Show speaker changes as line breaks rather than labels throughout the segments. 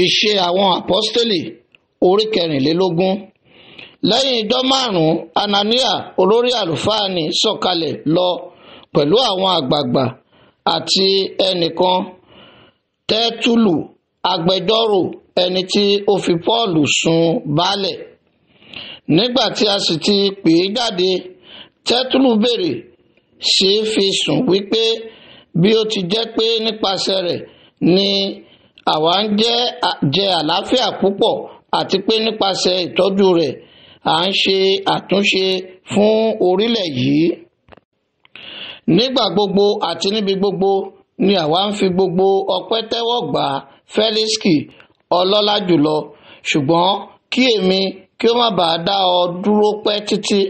ìṣe àwọn àpọ́stélì orí kẹrìnlélógún lẹ́yìn ijọ́ márùn-ún anania olórí àlùfáà ni sọ̀kalẹ̀ lọ pẹ̀lú àwọn àgbààgbà àti ẹnìkan tẹ́tùlù agbẹjọ́rò ẹni tí ó fi pọ́ọ̀lù sun baálẹ̀ nígbà tí a sì ti pè é jáde tẹ́tùlù béèrè ṣe é fi sùn wípé bí ó ti jẹ́ pé nípasẹ̀ rẹ̀ Ni àwa ń jẹ jẹ àlàáfíà púpọ̀ àti pé nípasẹ̀ ìtọ́jú rẹ̀ à ń ṣe àtúnṣe fún orílẹ̀ yìí. nígbà gbogbo àti níbi gbogbo ni àwa ń fi gbogbo ọpẹ́ tẹ́wọ́ gbà Fẹ́lísìkì ọlọ́lá jùlọ ṣùgbọ́n kí èmi kí ó má bàa dá ọ dúró pẹ́ títí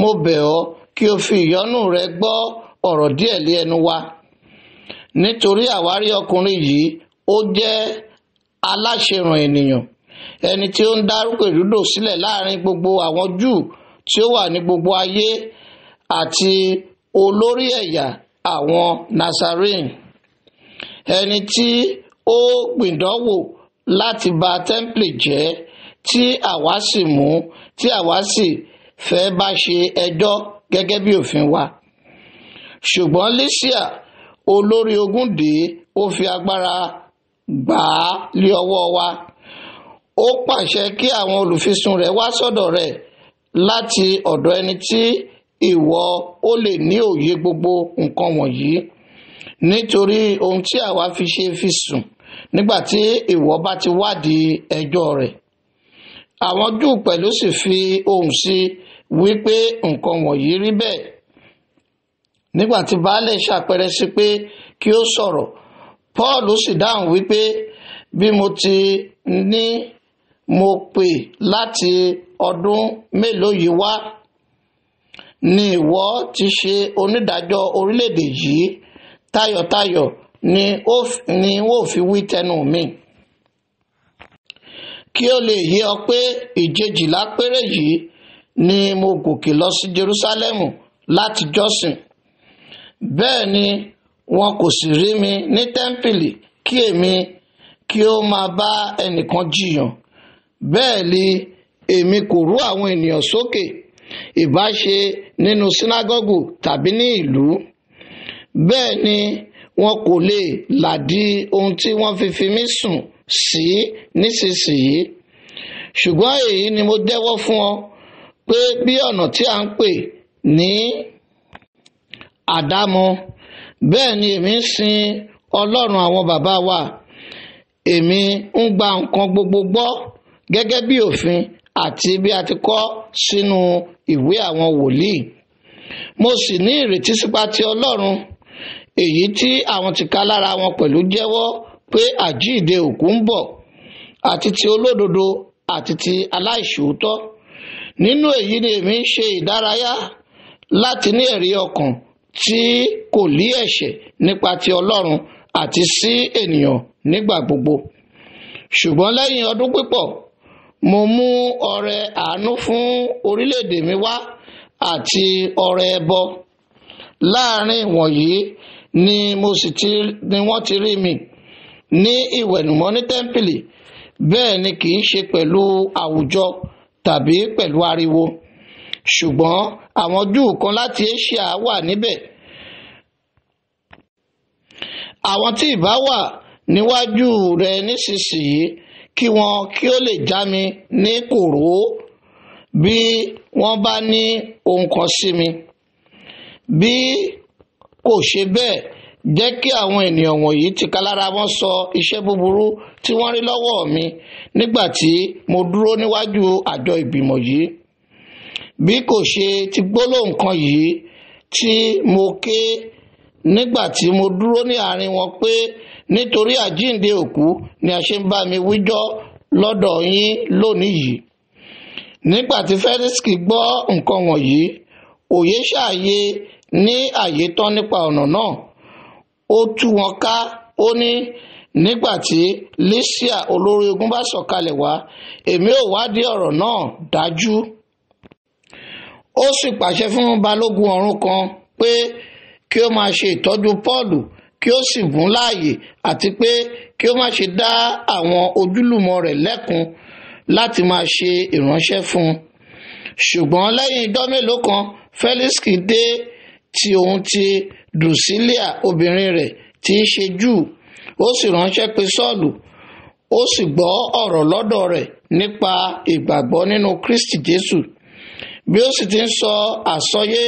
mo bẹ̀ ọ́ kí o fi ìyọ́nú rẹ gbọ́ ọ̀rọ̀ díẹ̀ lé ẹnu wa nítorí àwárí ọkùnrin yìí ó jẹ́ aláṣẹràn ènìyàn ẹni tí ó ń dárúkọ ìrúdò sílẹ̀ láàrin gbogbo àwọn júù tí ó wà ní gbogbo ayé àti olórí ẹ̀yà àwọn Nasarene ẹni tí ó gbìndánwò láti bà tẹ́ḿpìlì jẹ́ tí àwa sì mú tí àwa sì fẹ́ bá ṣe ẹjọ́ gẹ́gẹ́ bí òfin wa ṣùgbọ́n Lísíà olórí ogunde ó fi agbára gbà á lé ọwọ́ wa ó pàṣẹ kí àwọn olùfisùn rẹ̀ wá sọ́dọ̀ rẹ̀ láti ọ̀dọ̀ ẹni tí ìwọ ó lè ní òye gbogbo nǹkan wọ̀nyí nítorí ohun tí àwa fi ṣe fi sùn nígbà tí ìwọ bá ti wádìí ẹjọ́ rẹ̀ àwọn júù pẹ̀lú sì fi ohùn sí wípé nǹkan wọ̀nyí rí bẹ́ẹ̀ nígbà tí baálé ṣàpẹrẹ sí pé kí ó sọ̀rọ̀ Paul sì dáhùn wípé bí mo ti ní mo pè láti ọdún mélòó yìí wá ni ìwọ ti ṣe onídàájọ́ orílẹ̀-èdè yìí tayọ̀tayọ̀ ni ó fi wí tẹnu mi kí ó lè yé ọ pé ìjejìlá péré yìí ni mo gòkè lọ sí Jerúsálẹ́mù láti jọ́sìn bẹ́ẹ̀ ni wọn kò sì rí mi ní tẹ́ḿpìlì kí èmi kí ó máa bá ẹnìkan jiyàn bẹ́ẹ̀ ni èmi kò rú àwọn ènìyàn sókè ìbáṣe nínú sínágọ́gù tàbí ní ìlú bẹ́ẹ̀ ni wọn kò lè làdí ohun tí wọ́n fi fi mí sùn sí nísinsìnyí ṣùgbọ́n èyí ni mo dẹ́wọ́ fún ọ pé bí ọ̀nà tí a ń pè ní àdámọ́ bẹ́ẹ̀ ni èmi ń sin ọlọ́run àwọn bàbá wa èmi ń gba nǹkan gbogbo gbọ́ gẹ́gẹ́ bí òfin àti bí a ti kọ sínú ìwé àwọn wòlíì mo sì ní ìrètí sípa ti ọlọ́run èyí tí àwọn tìka lára wọn pẹ̀lú jẹ́wọ́ pé àjíǹde òkú ń bọ̀ àti ti olódodo àti ti aláìṣòótọ́ nínú èyí ni èmi ń ṣe ìdárayá láti ní ẹ̀rí ọkàn tí kò lí ẹ̀ṣẹ̀ nípa ti Ọlọ́run àti sí ènìyàn nígbà gbogbo ṣùgbọ́n lẹ́yìn ọdún pípọ̀ mo mú ọrẹ àánú fún orílẹ̀-èdè mi wá àti ọrẹ ẹbọ láàrin wọ̀nyí ni mo sì ti ni wọ́n ti rí mi ní ìwẹ̀nùmọ́ ní tẹ́ḿpìlì bẹ́ẹ̀ ni kì í ṣe pẹ̀lú àwùjọ tàbí pẹ̀lú ariwo ṣùgbọ́n àwọn Júù kan láti Asia wà níbẹ̀ àwọn tí ìbá wà níwájú rẹ nísinsìnyí kí wọn kí ó lè já mi ní kòró bí wọ́n bá ní ohun kan sí mi bí kò ṣe bẹ́ẹ̀ jẹ́ kí àwọn ènìyàn wọ̀nyí tìkálára wọn sọ iṣẹ́ búburú tí wọ́n rí lọ́wọ́ mi nígbà tí mo dúró níwájú àjọ ìgbìmọ̀ yìí bí kò ṣe ti gbólóhùn kan yìí tí mo ké nígbà tí mo dúró ní àárín wọn pé nítorí àjíǹde òkú ni a ṣe ń bá mi wíjọ́ lọ́dọ̀ yín lónìí yìí nígbà tí fẹ́rísìkì gbọ́ nǹkan wọ̀nyí òye ṣàyè ní àyè tán nípa ọ̀nà náà ó tú wọn ká ó ní nígbà tí Lísíà olórí ogun bá sọ̀kalẹ̀ wá èmi ò wádìí ọ̀rọ̀ náà dájú ó sì pàṣẹ fún balógun ọ̀rún kan pé kí ó máa ṣe ìtọ́jú Pọ́ọ̀lù kí ó sì bùn láàyè àti pé kí ó má ṣe dá àwọn ojúlùmọ̀ rẹ̀ lẹ́kun láti máa ṣe ìránṣẹ́ fún un ṣùgbọ́n lẹ́yìn ijọ́ mélòó kan Felix dé ti òun ti Drusilla obìnrin rẹ̀ tí í ṣe Júù ó sì ránṣẹ́ pé Sọ́ọ̀lù ó sì gbọ́ ọ̀rọ̀ lọ́dọ̀ rẹ̀ nípa ìgbàgbọ́ nínú Kristi Jésù bí ó sì ti ń sọ àsọyé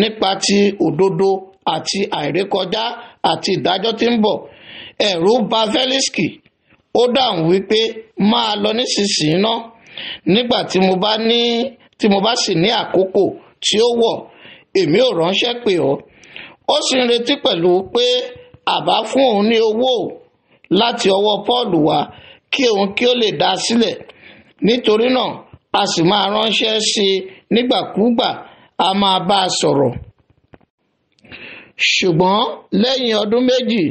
nípa ti òdodo àti àìrékọjá àti ìdájọ́ tí ń bọ̀ ẹ̀rù bà Fẹ́lísìkì ó dáhùn wípé máa lọ nísinsìnyí náà nígbà tí mo bá ní tí mo bá sì ní àkókò tí ó wọ̀ èmi ò ránṣẹ́ pè ọ́ ó sì ń retí pẹ̀lú pé àbá fún òun ní owó láti ọwọ́ Pọ́ọ̀lù wá kí òun kí ó lè dá a sílẹ̀ nítorí náà a sì máa ránṣẹ́ sí i nígbàkúùgbà a máa bá a sọ̀rọ̀ ṣùgbọ́n lẹ́yìn ọdún méjì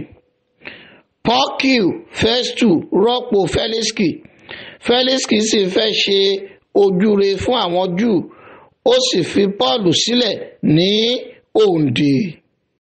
Porciu Festu rọ́pò Feliski Feliski sì fẹ́ ṣe ojúre fún àwọn Júù ó sì fi Paul sílẹ̀ ní òǹdè.